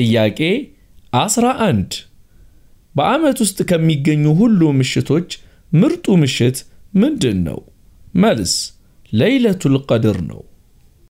ጥያቄ 11 በዓመት ውስጥ ከሚገኙ ሁሉ ምሽቶች ምርጡ ምሽት ምንድን ነው? መልስ ለይለቱል ቀድር ነው።